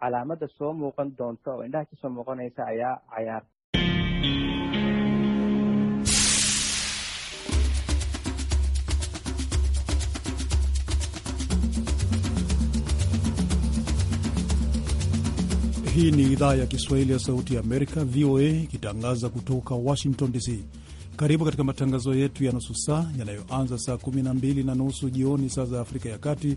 calaamada soo muuqan doonta oo indhaha kasoo muuqanaysa ayaa cayaar Hii ni idhaa ya Kiswahili ya Sauti ya Amerika, VOA, ikitangaza kutoka Washington DC. Karibu katika matangazo yetu ya nusu saa yanayoanza saa 12 na nusu jioni saa za Afrika ya Kati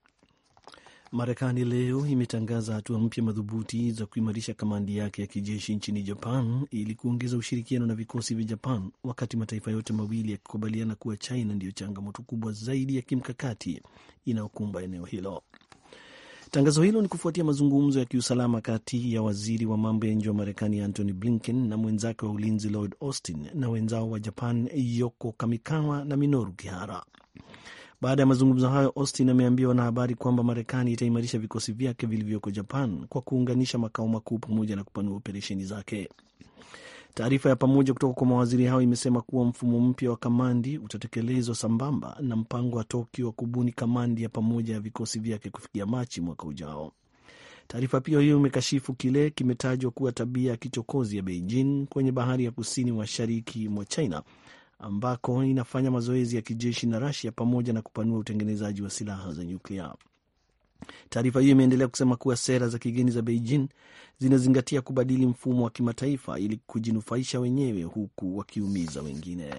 Marekani leo imetangaza hatua mpya madhubuti za kuimarisha kamandi yake ya kijeshi nchini Japan ili kuongeza ushirikiano na vikosi vya Japan, wakati mataifa yote mawili yakikubaliana kuwa China ndiyo changamoto kubwa zaidi ya kimkakati inayokumba eneo hilo. Tangazo hilo ni kufuatia mazungumzo ya kiusalama kati ya waziri wa mambo ya nje wa Marekani Antony Blinken na mwenzake wa ulinzi Lloyd Austin na wenzao wa Japan Yoko Kamikawa na Minoru Kihara. Baada ya mazungumzo hayo, Austin ameambia wanahabari kwamba Marekani itaimarisha vikosi vyake vilivyoko Japan kwa kuunganisha makao makuu pamoja na kupanua operesheni zake. Taarifa ya pamoja kutoka kwa mawaziri hao imesema kuwa mfumo mpya wa kamandi utatekelezwa sambamba na mpango wa Tokyo wa kubuni kamandi ya pamoja ya vikosi vyake kufikia Machi mwaka ujao. Taarifa pia hiyo imekashifu kile kimetajwa kuwa tabia ya kichokozi ya Beijing kwenye bahari ya kusini mashariki mwa China ambako inafanya mazoezi ya kijeshi na Rasia pamoja na kupanua utengenezaji wa silaha za nyuklia. Taarifa hiyo imeendelea kusema kuwa sera za kigeni za Beijing zinazingatia kubadili mfumo wa kimataifa ili kujinufaisha wenyewe huku wakiumiza wengine.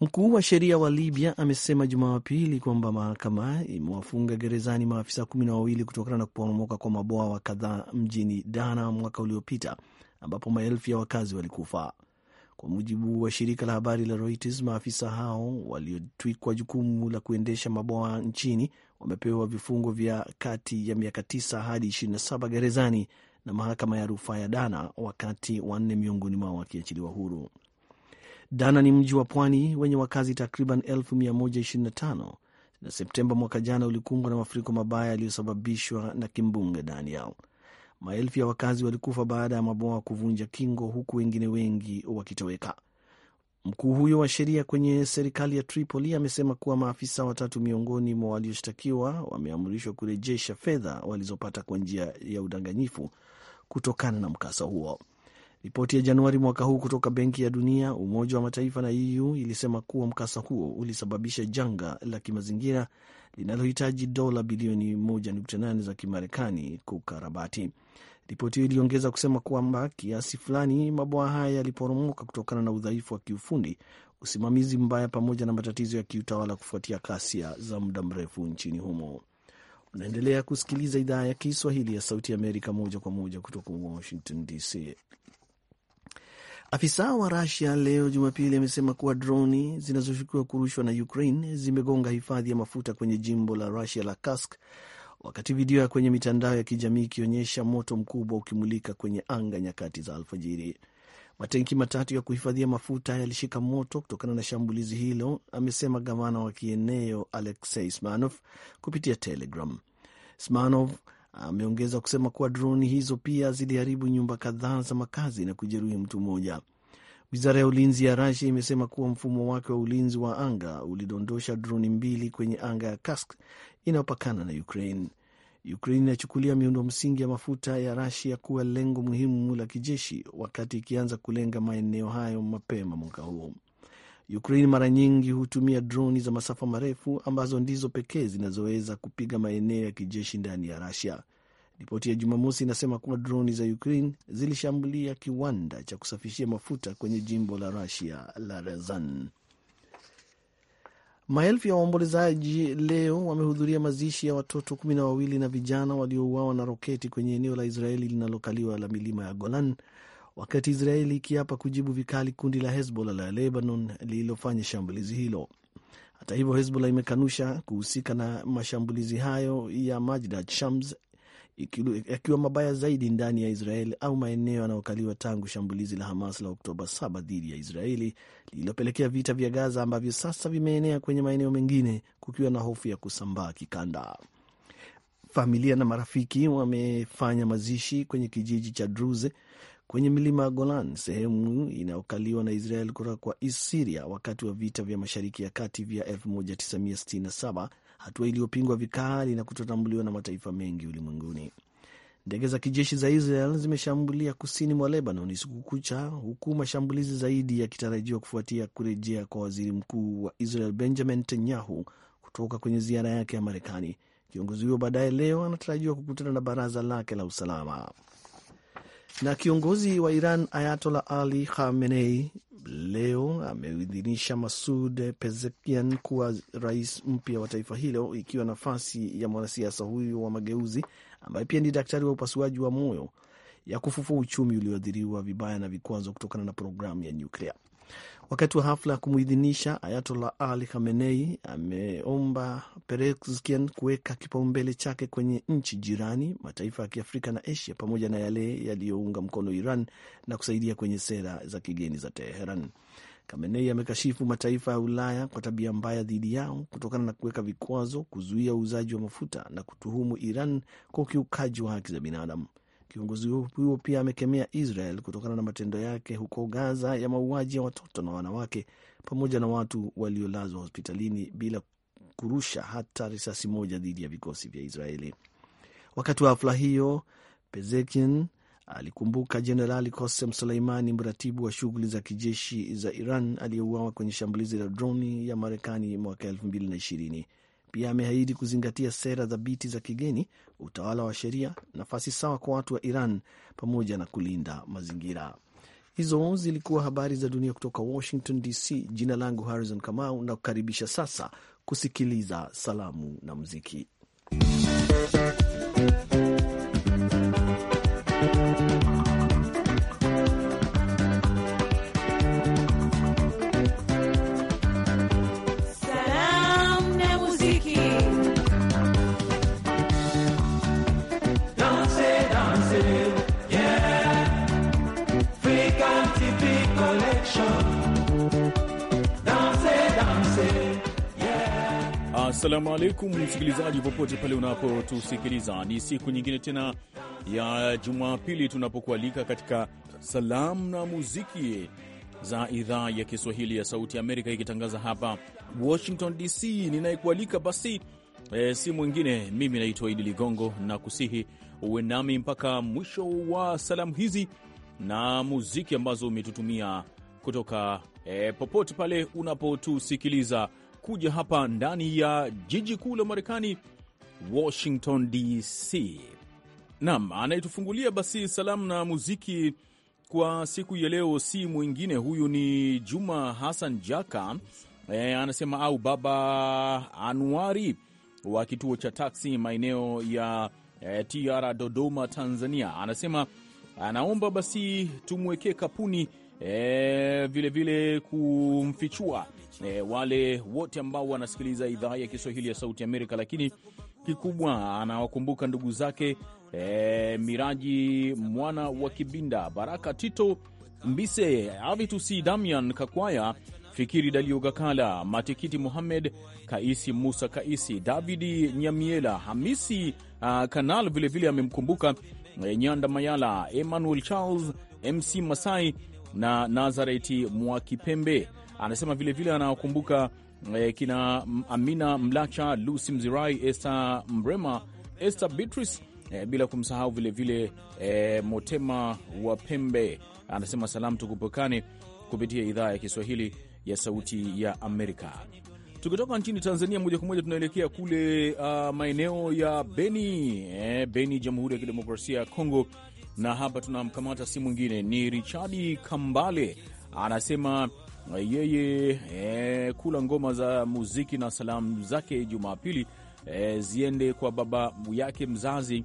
Mkuu wa sheria wa Libya amesema Jumapili kwamba mahakama imewafunga gerezani maafisa kumi na wawili kutokana na kuporomoka kwa mabwawa kadhaa mjini Dana mwaka uliopita ambapo maelfu ya wakazi walikufa. Kwa mujibu wa shirika la habari la Reuters, maafisa hao waliotwikwa jukumu la kuendesha maboa nchini wamepewa vifungo vya kati ya miaka tisa hadi saba gerezani na mahakama ya rufaa ya Dana, wakati wanne miongoni mwao wakiachiliwa huru. Dana ni mji wa pwani wenye wakazi takriban elfu 125 na Septemba mwaka jana ulikumbwa na mafuriko mabaya yaliyosababishwa na kimbunga Daniel. Maelfu ya wakazi walikufa baada ya maboa kuvunja kingo, huku wengine wengi wakitoweka. Mkuu huyo wa sheria kwenye serikali ya Tripoli amesema kuwa maafisa watatu miongoni mwa walioshtakiwa wameamrishwa kurejesha fedha walizopata kwa njia ya udanganyifu kutokana na mkasa huo. Ripoti ya Januari mwaka huu kutoka Benki ya Dunia, Umoja wa Mataifa na EU ilisema kuwa mkasa huo ulisababisha janga la kimazingira linalohitaji dola bilioni 1.8 za Kimarekani kukarabati. Ripoti hiyo iliongeza kusema kwamba kiasi fulani mabwawa haya yaliporomoka kutokana na udhaifu wa kiufundi, usimamizi mbaya, pamoja na matatizo ya kiutawala kufuatia kasia za muda mrefu nchini humo. Unaendelea kusikiliza idhaa ya Kiswahili ya Sauti ya Amerika moja kwa moja kutoka Washington DC. Afisa wa Rusia leo Jumapili amesema kuwa droni zinazoshukiwa kurushwa na Ukraine zimegonga hifadhi ya mafuta kwenye jimbo la Rusia la Kursk, wakati video ya kwenye mitandao ya kijamii ikionyesha moto mkubwa ukimulika kwenye anga nyakati za alfajiri. Matenki matatu ya kuhifadhia mafuta yalishika moto kutokana na shambulizi hilo, amesema gavana wa kieneo Alexei Smanov kupitia Telegram. Smanov Ameongeza kusema kuwa droni hizo pia ziliharibu nyumba kadhaa za makazi na kujeruhi mtu mmoja. Wizara ya ulinzi ya Rasia imesema kuwa mfumo wake wa ulinzi wa anga ulidondosha droni mbili kwenye anga ya Kask inayopakana na Ukraine. Ukraine inachukulia miundo msingi ya mafuta ya Rasia kuwa lengo muhimu la kijeshi, wakati ikianza kulenga maeneo hayo mapema mwaka huu. Ukraine mara nyingi hutumia droni za masafa marefu ambazo ndizo pekee zinazoweza kupiga maeneo ya kijeshi ndani ya Rusia. Ripoti ya Jumamosi inasema kuwa droni za Ukraine zilishambulia kiwanda cha kusafishia mafuta kwenye jimbo la Rusia la Rezan. Maelfu ya waombolezaji leo wamehudhuria mazishi ya watoto kumi na wawili na vijana waliouawa na roketi kwenye eneo la Israeli linalokaliwa la milima ya Golan wakati Israeli ikiapa kujibu vikali kundi la Hezbollah la Lebanon lililofanya shambulizi hilo. Hata hivyo, Hezbollah imekanusha kuhusika na mashambulizi hayo ya majda Shams yakiwa mabaya zaidi ndani ya israel au maeneo yanayokaliwa tangu shambulizi la Hamas la Oktoba 7 dhidi ya Israeli lililopelekea vita vya Gaza ambavyo sasa vimeenea kwenye maeneo mengine kukiwa na hofu ya kusambaa kikanda. Familia na marafiki wamefanya mazishi kwenye kijiji cha Druze kwenye milima ya Golan, sehemu inayokaliwa na Israel kutoka kwa siria wakati wa vita vya Mashariki ya Kati vya 1967, hatua iliyopingwa vikali na kutotambuliwa na mataifa mengi ulimwenguni. Ndege za kijeshi za Israel zimeshambulia kusini mwa Lebanon siku kucha, huku mashambulizi zaidi yakitarajiwa kufuatia kurejea kwa waziri mkuu wa Israel Benjamin Netanyahu kutoka kwenye ziara yake ya Marekani Kiongozi huyo baadaye leo anatarajiwa kukutana na baraza lake la usalama. Na kiongozi wa Iran Ayatola Ali Khamenei leo ameidhinisha Masud Pezeshkian kuwa rais mpya wa taifa hilo, ikiwa nafasi ya mwanasiasa huyo wa mageuzi ambaye pia ni daktari wa upasuaji wa moyo ya kufufua uchumi ulioathiriwa vibaya na vikwazo kutokana na programu ya nyuklia. Wakati wa hafla ya kumuidhinisha Ayatollah Ali Khamenei ameomba Pereskian kuweka kipaumbele chake kwenye nchi jirani, mataifa ya Kiafrika na Asia, pamoja na yale yaliyounga mkono Iran na kusaidia kwenye sera za kigeni za Teheran. Khamenei amekashifu mataifa ya Ulaya kwa tabia mbaya dhidi yao kutokana na kuweka vikwazo, kuzuia uuzaji wa mafuta na kutuhumu Iran kwa ukiukaji wa haki za binadamu. Kiongozi huyo pia amekemea Israel kutokana na matendo yake huko Gaza ya mauaji ya watoto na wanawake pamoja na watu waliolazwa hospitalini bila kurusha hata risasi moja dhidi ya vikosi vya Israeli. Wakati wa hafla hiyo, Pezekin alikumbuka Jenerali Kosem Suleimani, mratibu wa shughuli za kijeshi za Iran aliyeuawa kwenye shambulizi la droni ya Marekani mwaka elfu mbili na ishirini. Pia ameahidi kuzingatia sera thabiti za kigeni, utawala wa sheria, nafasi sawa kwa watu wa Iran pamoja na kulinda mazingira. Hizo zilikuwa habari za dunia kutoka Washington DC. Jina langu Harrison Kamau na kukaribisha sasa kusikiliza salamu na muziki. Assalamu alaikum msikilizaji, popote pale unapotusikiliza, ni siku nyingine tena ya Jumapili tunapokualika katika salamu na muziki za idhaa ya Kiswahili ya Sauti ya Amerika, ikitangaza hapa Washington DC. Ninayekualika basi e, si mwingine, mimi naitwa Idi Ligongo na kusihi uwe nami mpaka mwisho wa salamu hizi na muziki ambazo umetutumia kutoka e, popote pale unapotusikiliza kuja hapa ndani ya jiji kuu la Marekani, Washington DC. Naam, anayetufungulia basi salamu na muziki kwa siku ya leo si mwingine, huyu ni Juma Hassan Jaka. E, anasema au baba Anuari wa kituo cha taksi maeneo ya e, TR Dodoma, Tanzania. Anasema anaomba basi tumwekee kapuni e, vilevile kumfichua e, wale wote ambao wanasikiliza idhaa ya Kiswahili ya Sauti Amerika, lakini kikubwa anawakumbuka ndugu zake e, Miraji mwana wa Kibinda, Baraka Tito Mbise, Avitusi Damian Kakwaya, Fikiri Dalio Gakala, Matikiti Muhammed, Kaisi Musa Kaisi, Davidi Nyamiela, Hamisi uh, Kanal vilevile amemkumbuka e, Nyanda Mayala, Emmanuel Charles, MC Masai na Nazareti Mwakipembe anasema vilevile anawakumbuka eh, kina Amina Mlacha, Lusi Mzirai, Esther Mrema, Esther Beatrice, eh, bila kumsahau vilevile eh, Motema wa Pembe. Anasema salamu tukupokane kupitia idhaa ya Kiswahili ya Sauti ya Amerika. Tukitoka nchini Tanzania moja kwa moja tunaelekea kule uh, maeneo ya Beni, eh, Beni, Jamhuri ya Kidemokrasia ya Kongo na hapa tunamkamata si mwingine ni Richadi Kambale, anasema yeye e, kula ngoma za muziki na salamu zake Jumapili e, ziende kwa baba yake mzazi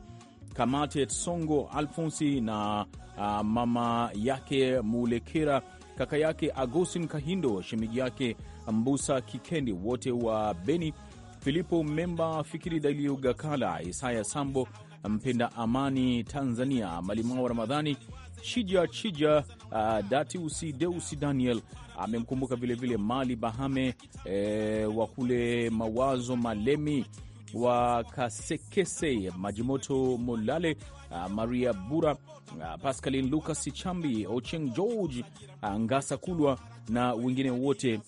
Kamate Tsongo Alfonsi na a, ah, mama yake Mulekera, kaka yake agostin Kahindo, shemiji yake Mbusa Kikendi, wote wa Beni, Filipo Memba, Fikiri Dalio Gakala, Isaya Sambo mpenda amani Tanzania, Malimao Ramadhani, Chija Chija, uh, Datiusi Deusi Daniel amemkumbuka vilevile Mali Bahame eh, wa kule Mawazo Malemi wa Kasekese, Majimoto Molale, uh, Maria Bura, uh, Pascalin Lucas Chambi, Ocheng George, uh, Ngasa Kulwa na wengine wote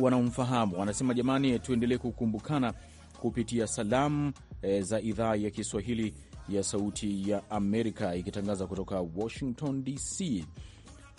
wanaomfahamu wanasema, jamani, tuendelee kukumbukana kupitia salamu E, za idhaa ya Kiswahili ya Sauti ya Amerika ikitangaza kutoka Washington DC.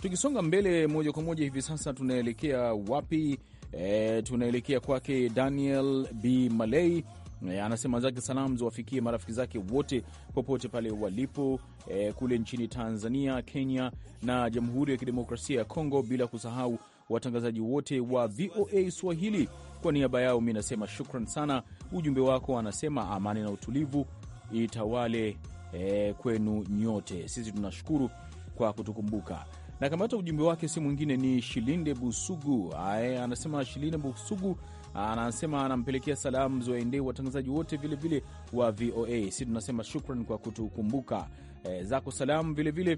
Tukisonga mbele moja kwa moja hivi sasa tunaelekea wapi? E, tunaelekea kwake Daniel B Malei. E, anasema zake salamu ziwafikie marafiki zake wote popote pale walipo e, kule nchini Tanzania, Kenya na Jamhuri ya Kidemokrasia ya Kongo, bila kusahau watangazaji wote wa VOA Swahili kwa niaba yao mi nasema shukran sana. Ujumbe wako anasema amani na utulivu itawale e, kwenu nyote. Sisi tunashukuru kwa kutukumbuka. Na kamata ujumbe wake si mwingine ni Shilinde Busugu. Ae, anasema Shilinde Busugu anasema anampelekea salamu ziwaendee watangazaji wote vilevile vile wa VOA. Si tunasema shukran kwa kutukumbuka. E, zako salamu vilevile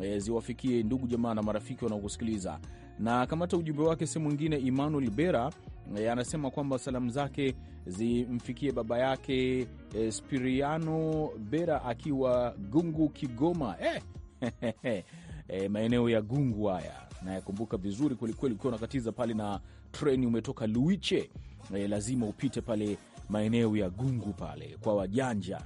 e, eh, ziwafikie ndugu jamaa na marafiki wanaokusikiliza. Na kamata ujumbe wake si mwingine Emmanuel Bera E, anasema kwamba salamu zake zimfikie baba yake e, Spiriano Bera akiwa Gungu, Kigoma e, E, maeneo ya Gungu haya nayakumbuka vizuri kwelikweli, ukiwa unakatiza pale na treni umetoka Luiche e, lazima upite pale maeneo ya Gungu pale kwa wajanja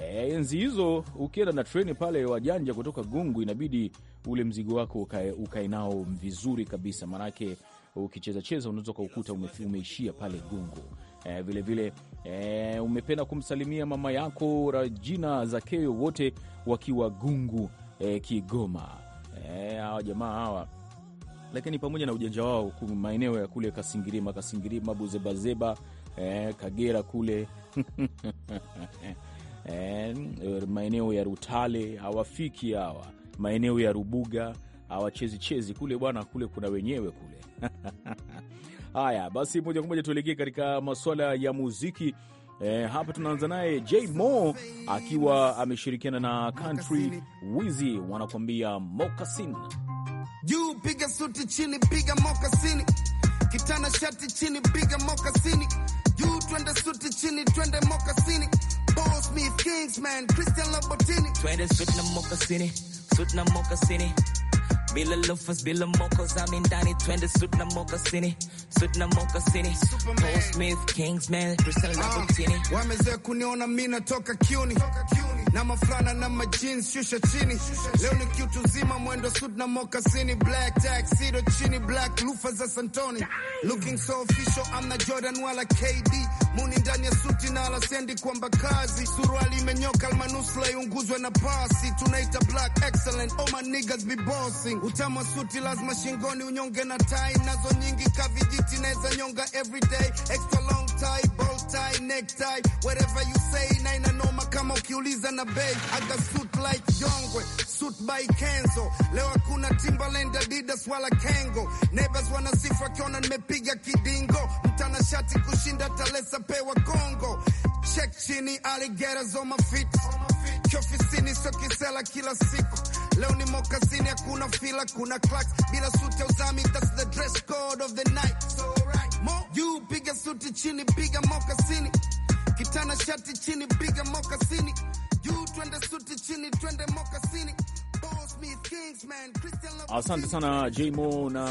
e, enzi hizo ukienda na treni pale wajanja kutoka Gungu inabidi ule mzigo wako ukae nao vizuri kabisa, maanake ukicheza cheza unaweza kukuta umeishia pale gungu. E, vile e, umependa kumsalimia mama yako Rajina Zakeo, wote wakiwa gungu e, Kigoma. E, hawa jamaa hawa lakini pamoja na ujanja wao maeneo ya kule Kasingirima, Kasingirima, Buzebazeba, eh, Kagera kule eh, maeneo ya Rutale hawafiki hawa, maeneo ya Rubuga hawachezichezi kule bwana, kule kuna wenyewe kule Haya basi, moja kwa moja tuelekee katika masuala ya muziki. E, hapa tunaanza naye J Mo akiwa ameshirikiana na Country Wizi, wanakuambia mokasin. Juu piga suti, chini piga mokasini, kitana shati chini piga mokasini, juu twende suti, chini twende mokasini, boss me kings Christian Lobotini, twende suti na mokasini, suti na mokasini bila loafers, bila moccas, I'm in ndani, twende suit na moccasini, suit na moccasini, Paul Smith, Kingsman, Christian ah, Lamborghini, wamezoea kuniona mimi natoka kiuni na mafrana na majins shusha chini. Leo ni kiutu zima, mwendo suit na mokasini, black tuxedo chini, black lufa za Santoni, looking so official. I'm na Jordan wala KD, muni ndani ya suti na alasendi kwamba kazi, suruali imenyoka, almanusula iunguzwe na pasi, tunaita black excellent. All my niggas be bossing, utama wa suti lazima shingoni, unyonge na tai nazo nyingi, kavijiti naweza nyonga everyday extra long tie, bow tie, neck tie, whatever you say, na inanoma kama ukiuliza na bei. got suit like Jongwe, suit by Kenzo. Leo hakuna Timberland, Adidas wala Kango. Neighbors wanasifu akiona nimepiga kidingo, mtana shati kushinda talesa pewa Kongo. Check chini aligera zoma fit kiofisini, sio kisela kila siku. Leo ni mokasini, hakuna fila, kuna clacks. bila suit ya uzami, that's the dress code of the night so, Mo juu piga suti chini piga mokasini kitana shati chini piga mokasini juu twende suti chini twende mokasini. Asante sana Jmo na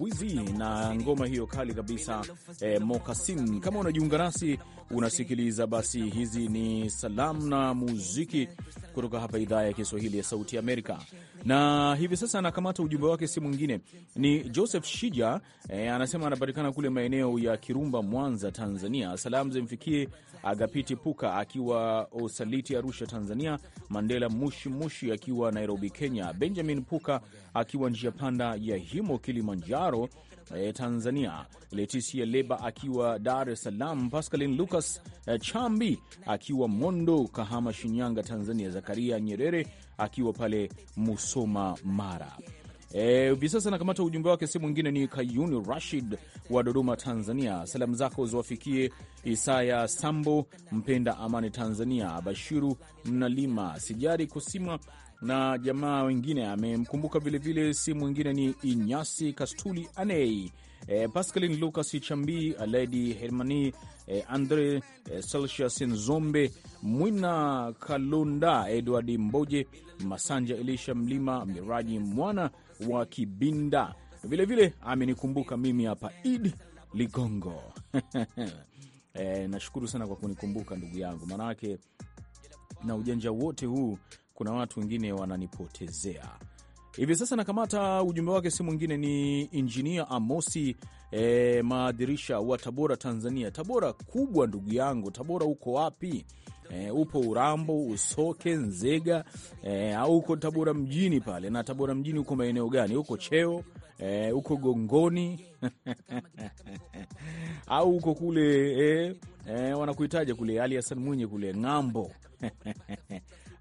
Wizi na ngoma hiyo kali kabisa eh, Mokasin. Kama unajiunga nasi unasikiliza. Basi hizi ni salamu na muziki kutoka hapa idhaa ya Kiswahili ya Sauti Amerika, na hivi sasa anakamata ujumbe wake, si mwingine ni Joseph Shija. E, anasema anapatikana kule maeneo ya Kirumba, Mwanza, Tanzania. Salamu zimfikie Agapiti Puka akiwa Osaliti, Arusha, Tanzania, Mandela Mushi Mushi akiwa Nairobi, Kenya, Benjamin Puka akiwa njia panda ya Himo, Kilimanjaro, eh, Tanzania, Leticia Leba akiwa Dar es Salaam, Pascalin Lucas eh, Chambi akiwa Mondo, Kahama, Shinyanga, Tanzania, Zakaria Nyerere akiwa pale Musoma, Mara e, hivi e, sasa nakamata ujumbe wake. Sehemu ingine ni Kayuni Rashid wa Dodoma, Tanzania. Salamu zako ziwafikie Isaya Sambo, Mpenda Amani Tanzania, Bashiru Mnalima, Sijari Kusima na jamaa wengine. Amemkumbuka vilevile, si mwingine ni Inyasi Kastuli Anei, e, eh, Pascalin Lucas Chambi, Aledi Hermani, e, Andre e, Celsius Nzombe, Mwina Kalunda, Edward Mboje, Masanja Elisha Mlima, Miraji Mwana wa Kibinda. Vilevile amenikumbuka mimi hapa, id Ligongo. E, nashukuru sana kwa kunikumbuka ndugu yangu, maanake na ujanja wote huu kuna watu wengine wananipotezea hivi sasa. Nakamata ujumbe wake, si mwingine ni injinia Amosi e, Maadirisha wa Tabora, Tanzania. Tabora kubwa, ndugu yangu. Tabora uko wapi? E, upo Urambo, Usoke, Nzega e, au e, uko Tabora mjini pale? Na Tabora mjini uko maeneo gani? Uko Cheo e, uko Gongoni au uko kule e, e, wanakuitaja kule Ali Hasan Mwinyi kule ng'ambo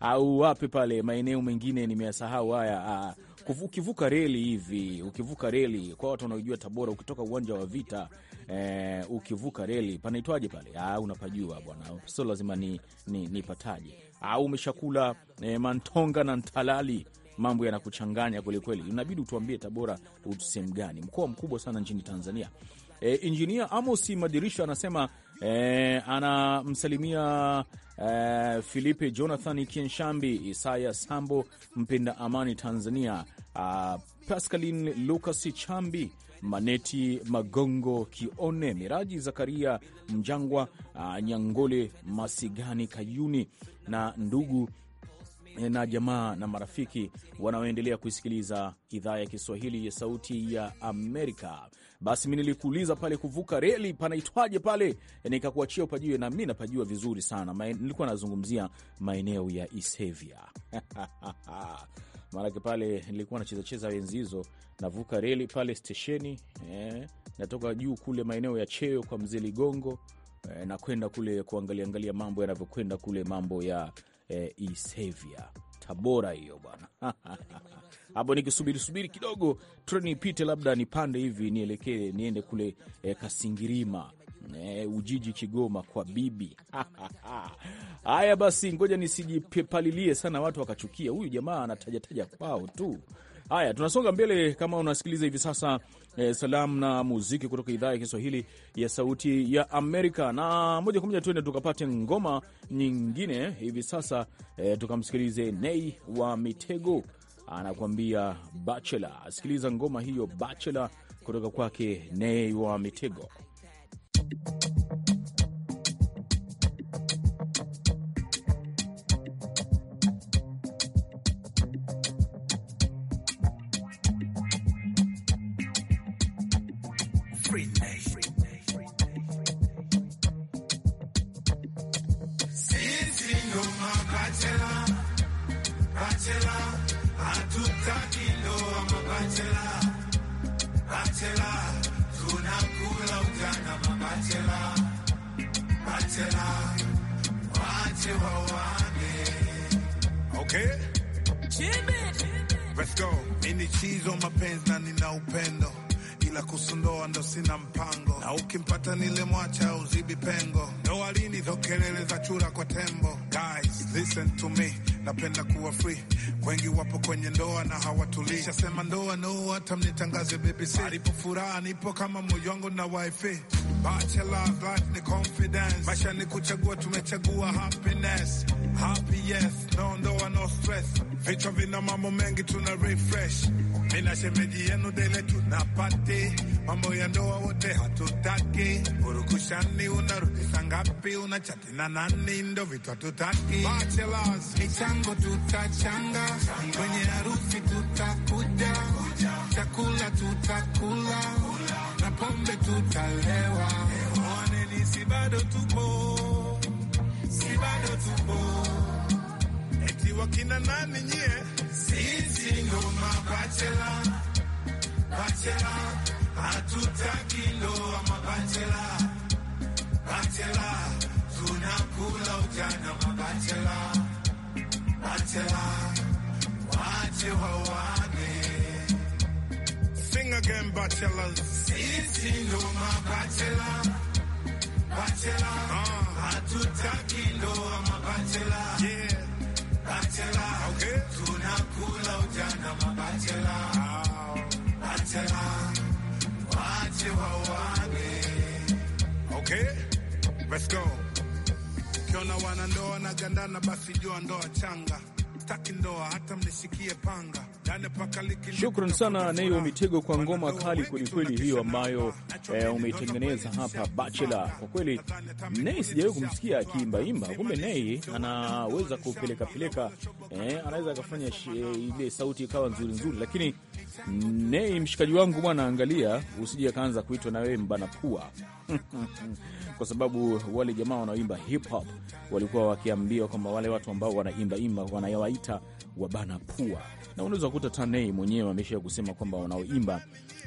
au wapi pale maeneo mengine nimeyasahau haya. Ah, ukivuka reli hivi, ukivuka reli kwa watu wanaojua Tabora, ukitoka uwanja wa vita eh, ukivuka reli panaitwaje pale? Ah, unapajua bwana, sio lazima ni, ni, nipataje? Au ah, umeshakula eh, mantonga na ntalali mambo yanakuchanganya kwelikweli, inabidi utuambie Tabora sehemu gani, mkoa mkubwa sana nchini Tanzania. E, eh, Injinia Amosi Madirisha anasema e, anamsalimia Eh, Filipe Jonathan Kienshambi, Isaya Sambo, Mpenda Amani Tanzania, uh, ah, Pascalin Lucas Chambi, Maneti Magongo, Kione Miraji, Zakaria Mjangwa, uh, Nyangole Masigani Kayuni na ndugu Eh, na jamaa na marafiki wanaoendelea kuisikiliza idhaa ya Kiswahili ya Sauti ya Amerika. Basi mi nilikuuliza pale kuvuka reli panaitwaje pale, eh, nikakuachia upajue, na mi napajua vizuri sana. Nilikuwa nazungumzia maeneo ya Isevia maanake pale nilikuwa nachezacheza enzi hizo, navuka reli pale stesheni eh, natoka juu kule maeneo ya Cheo kwa Mzee Ligongo eh, nakwenda kule kuangaliangalia mambo yanavyokwenda kule mambo ya eh, Isevia Tabora hiyo bwana hapo nikisubiri subiri kidogo treni ipite, labda nipande hivi nielekee niende kule eh, Kasingirima eh, Ujiji, Kigoma kwa bibi haya basi, ngoja nisijipepalilie sana, watu wakachukia huyu jamaa anatajataja kwao tu Haya, tunasonga mbele. Kama unasikiliza hivi sasa eh, salamu na muziki kutoka idhaa ya Kiswahili ya Sauti ya Amerika, na moja kwa moja tuende tukapate ngoma nyingine hivi sasa eh, tukamsikilize Nei wa Mitego anakuambia bachela. Sikiliza ngoma hiyo bachela kutoka kwake Nei wa Mitego. Okay? Let's go. Ni michezo mapenzi na nina upendo, ila kusundoa ndo sina mpango, na ukimpata mwacha uzibi pengo, ndoa lini zo kelele za chura kwa tembo. Guys, listen to me, napenda kuwa free wengi wapo kwenye ndoa na hawatulii. Shasema ndoa no, hata mnitangaze BBC. Alipo furaha nipo kama moyongo na wife. Bachelor life ni confidence, maisha ni kuchagua, tumechagua happiness happy yes, naondoa no stress, vichwa vina mambo mengi tuna refresh. Mina shemeji yenu dele tunapate mambo ya ndoa wote hatutaki, urukushani unarudisha ngapi? Unachati na nani? Ndo vitu hatutaki. Bachelors michango tutachanga, kwenye harusi tutakuja, chakula tutakula na pombe tutalewa. Mwaneni si bado tupo, si bado tupo wakina nani nyie? Sisi ndo mabachela, bachela, hatutaki ndoa mabachela, bachela, tunakula ujana mabachela, bachela, wache wawane Sing again, bachelors. Sisi ndo mabachela, bachela, ah. hatutaki ndoa mabachela. Yeah. Okay, let's go. Ukiona wanandoa wanagandana, basi jua ndoa changa, taki ndoa hata mnishikie panga Shukran sana Neo Mitego kwa ngoma kali kwelikweli hiyo ambayo e, umeitengeneza hapa bachela. Kwa kweli Nei sijawai kumsikia akiimbaimba, kumbe Nei anaweza kupelekapeleka e, eh, anaweza akafanya eh, ile sauti ikawa nzuri nzuri. Lakini Nei mshikaji wangu bwana, angalia usije akaanza kuitwa na wewe mbana pua kwa sababu wale jamaa wanaoimba hip hop walikuwa wakiambiwa kwamba wale watu ambao wanaimbaimba wanawaita wabana pua, na unaweza kukuta Tanei mwenyewe amesha kusema kwamba wanaoimba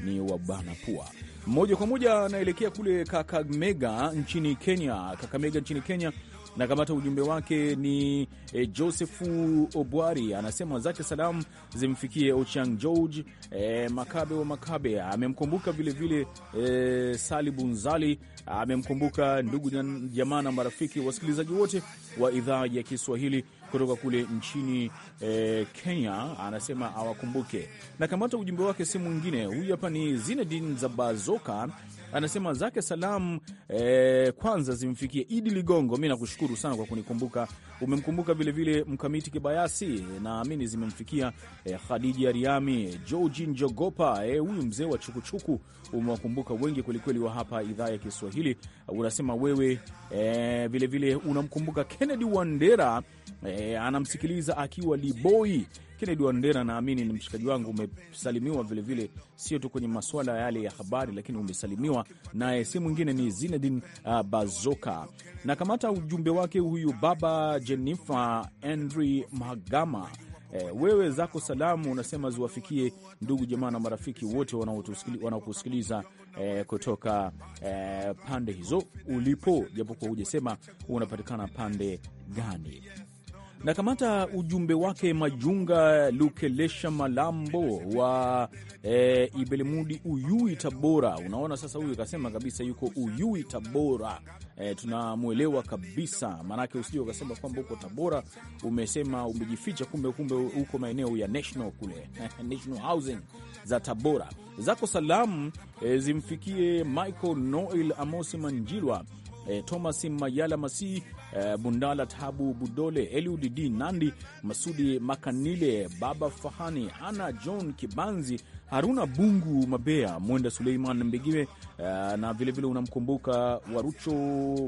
ni wabana pua. Moja kwa moja anaelekea kule Kakamega nchini Kenya. Kakamega nchini Kenya na kamata ujumbe wake ni e, eh, Josefu Obwari anasema zake salamu zimfikie Ochiang George e, Makabe wa Makabe amemkumbuka vilevile e, eh, Sali Bunzali amemkumbuka ndugu jamaa na marafiki wasikilizaji wote wa idhaa ya Kiswahili kutoka kule nchini e, Kenya anasema awakumbuke. Na kamata ujumbe wake si mwingine huyu hapa ni Zinedine Zabazoka anasema zake salamu eh, kwanza zimfikie Idi Ligongo. Mi nakushukuru sana kwa kunikumbuka, umemkumbuka vilevile Mkamiti Kibayasi, eh, naamini zimemfikia eh, Khadija Riami, Georgi Njogopa, eh, huyu eh, mzee wa Chukuchuku. Umewakumbuka wengi kwelikweli wa hapa idhaa ya Kiswahili. Unasema wewe vilevile eh, unamkumbuka Kennedy Wandera, eh, anamsikiliza akiwa Liboi Kennedy Wandera, naamini ni mshikaji wangu, umesalimiwa vilevile, sio tu kwenye maswala yale ya habari, lakini umesalimiwa naye, si mwingine ni Zinedine uh, Bazoka. Na kamata ujumbe wake huyu baba Jennifer Andrew Magama. E, eh, wewe zako salamu unasema ziwafikie ndugu jamaa na marafiki wote wanaokusikiliza e, kutoka e, pande hizo ulipo, japokuwa hujasema unapatikana pande gani na kamata ujumbe wake Majunga Lukelesha Malambo wa e, eh, Ibelemudi Uyui Tabora. Unaona sasa, huyu akasema kabisa yuko Uyui Tabora. E, tunamwelewa kabisa, maanake usije ukasema kwamba uko Tabora umesema umejificha, kumbe kumbe huko maeneo ya national kule national housing za Tabora. Zako salamu e, zimfikie Michael Noel Amosi Manjilwa, e, Thomas Mayala Masihi Eh, Bundala Tabu Budole, D Nandi, Masudi Makanile, Baba Fahani, ana John Kibanzi Haruna Bungu Mabea, Mwenda Suleiman Mbegiwe, uh, na vilevile unamkumbuka Warucho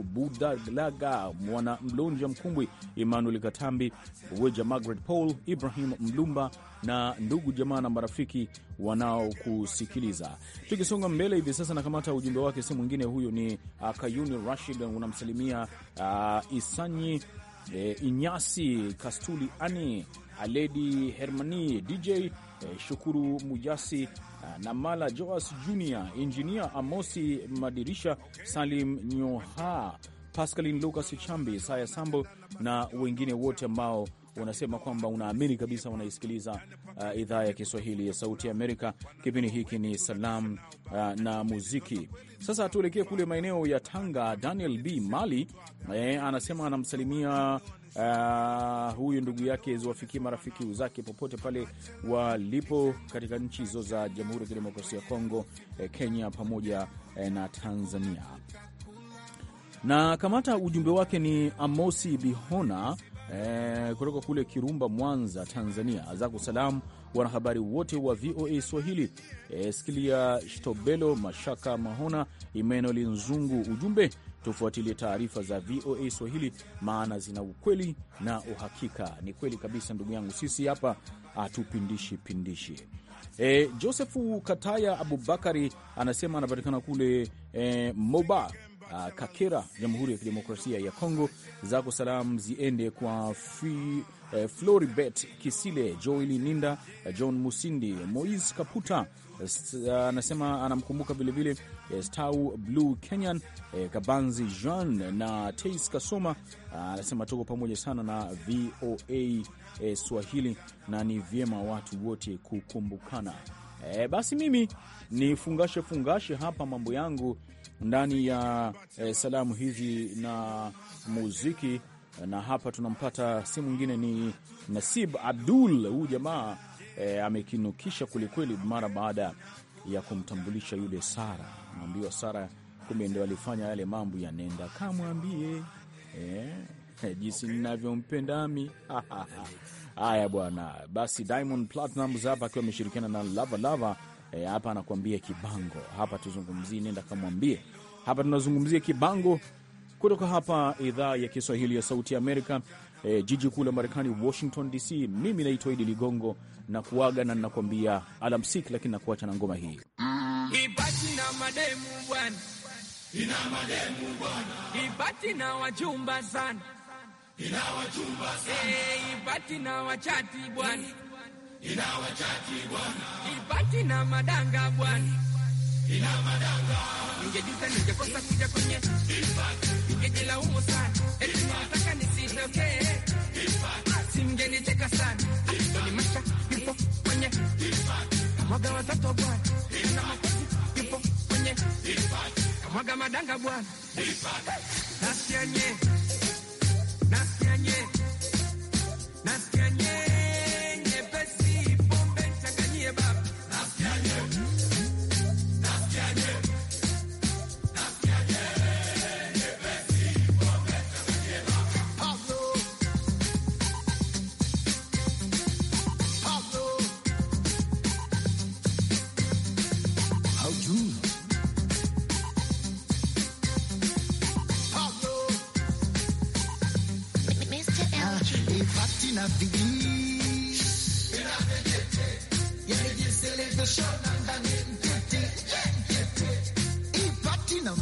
Budalaga, Mwana Mlonja Mkumbwi, Emmanuel Katambi, Weja Margaret Paul, Ibrahim Mlumba na ndugu jamaa na marafiki wanaokusikiliza. Tukisonga mbele hivi sasa, nakamata ujumbe wake, si mwingine huyo ni ah, Kayuni Rashid, unamsalimia uh, Isanyi e, Inyasi Kastuli Ani Aledi Hermani DJ e, eh, Shukuru Mujasi eh, na Mala Joas Junior Injinia Amosi Madirisha Salim Nyoha Pascalin Lucas Chambi Saya Sambo na wengine wote ambao unasema kwamba unaamini kabisa unaisikiliza uh, idhaa ya Kiswahili ya Sauti ya Amerika. Kipindi hiki ni salam uh, na muziki. Sasa tuelekee kule maeneo ya Tanga. Daniel B Mali eh, anasema anamsalimia Uh, huyu ndugu yake ziwafikie marafiki zake popote pale walipo katika nchi hizo za Jamhuri ya Kidemokrasia ya Kongo, eh, Kenya pamoja eh, na Tanzania. Na kamata ujumbe wake ni Amosi Bihona eh, kutoka kule Kirumba, Mwanza, Tanzania. Zako salamu wanahabari wote wa VOA Swahili, eh, Skilia Shtobelo, Mashaka Mahona, Emmanuel Nzungu. Ujumbe, tufuatilie taarifa za VOA Swahili maana zina ukweli na uhakika. Ni kweli kabisa, ndugu yangu, sisi hapa hatupindishi pindishi. E, eh, Josefu Kataya Abubakari anasema anapatikana kule e, Moba uh, Kakera, Jamhuri ya Kidemokrasia ya Kongo. Zako salamu ziende kwa Free, uh, Floribet Kisile, Joeli Ninda, uh, John Musindi, Mois Kaputa eh, eh, anasema uh, anamkumbuka vilevile Stau Blue Kenyan eh, Kabanzi Jean na Tais Kasoma anasema uh, tuko pamoja sana na VOA eh, Swahili na ni vyema watu wote kukumbukana. Eh, basi mimi ni fungashe fungashe hapa mambo yangu ndani ya e, salamu hizi na muziki. Na hapa tunampata si mwingine ni Nasib Abdul. Huyu jamaa e, amekinukisha kwelikweli mara baada ya kumtambulisha yule Sara, naambiwa Sara kumbe ndio alifanya yale mambo ya nenda kamwambie eh, jinsi ninavyompenda haya bwana. Basi Diamond Platnumz hapa akiwa ameshirikiana na Lava Lava e, hapa anakuambia kibango hapa, tuzungumzie, nenda kamwambie hapa, tunazungumzia kibango kutoka hapa idhaa ya Kiswahili ya Sauti ya Amerika, e, jiji kuu la Marekani, Washington DC. Mimi naitwa Idi Ligongo na kuaga na ninakuambia alamsik, lakini nakuacha na ngoma hii ibati na mademu bwana, ina mademu bwana, ibati na wajumba sana, ina wajumba sana, eh, ibati na wachati bwana ina wachaji bwana, ibati na madanga bwana, ina madanga. Ningejuta ningekosa kuja kwenye ibati, ningejilaumu sana, eti nataka nisitokee ibati, simgenicheka sana, ni maisha ipo kwenye ibati, mwaga watoto bwana, na makozi ipo kwenye ibati, mwaga madanga bwana, ibati nasianye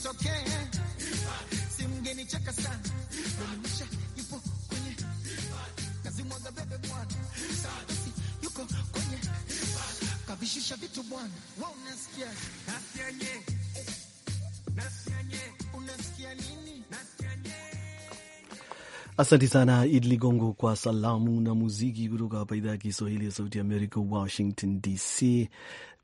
isitokee. Si mgeni cheka sana onyesha yupo kwenye kazi, mwaga bebe bwana sabasi yuko kwenye kavishusha vitu bwana, wa unasikia asianye Asante sana Idi Ligongo kwa salamu na muziki kutoka hapa idhaa ya Kiswahili ya Sauti ya Amerika, Washington DC.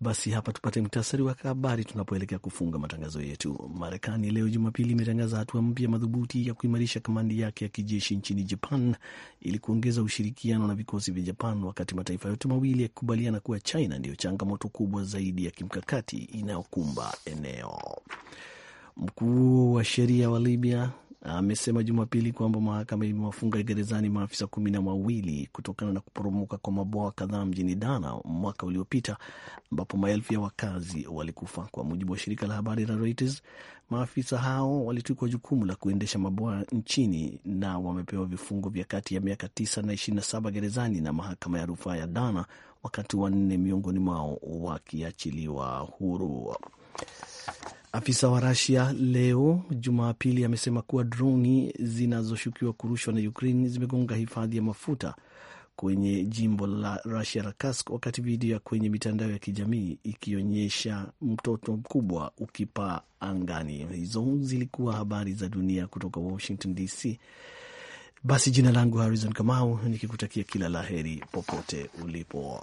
Basi hapa tupate muktasari wa habari tunapoelekea kufunga matangazo yetu. Marekani leo Jumapili imetangaza hatua mpya madhubuti ya kuimarisha kamandi yake ya kijeshi nchini Japan ili kuongeza ushirikiano na vikosi vya Japan, wakati mataifa yote mawili yakikubaliana kuwa China ndiyo changamoto kubwa zaidi ya kimkakati inayokumba eneo. Mkuu wa sheria wa Libya amesema Jumapili kwamba mahakama imewafunga gerezani maafisa kumi na wawili kutokana na kuporomoka kwa mabwawa kadhaa mjini Dana mwaka uliopita ambapo maelfu ya wakazi walikufa. Kwa mujibu wa shirika la habari la Reuters, maafisa hao walitukwa jukumu la kuendesha mabwawa nchini na wamepewa vifungo vya kati ya miaka tisa na ishirini na saba gerezani na mahakama ya rufaa ya Dana, wakati wanne miongoni mwao wakiachiliwa huru. Afisa wa Rasia leo Jumapili amesema kuwa droni zinazoshukiwa kurushwa na Ukraine zimegonga hifadhi ya mafuta kwenye jimbo la Rusia la Kask, wakati video ya kwenye mitandao ya kijamii ikionyesha mtoto mkubwa ukipaa angani. Hizo zilikuwa habari za dunia kutoka Washington DC. Basi jina langu Harrison Kamau, nikikutakia kila la heri popote ulipo.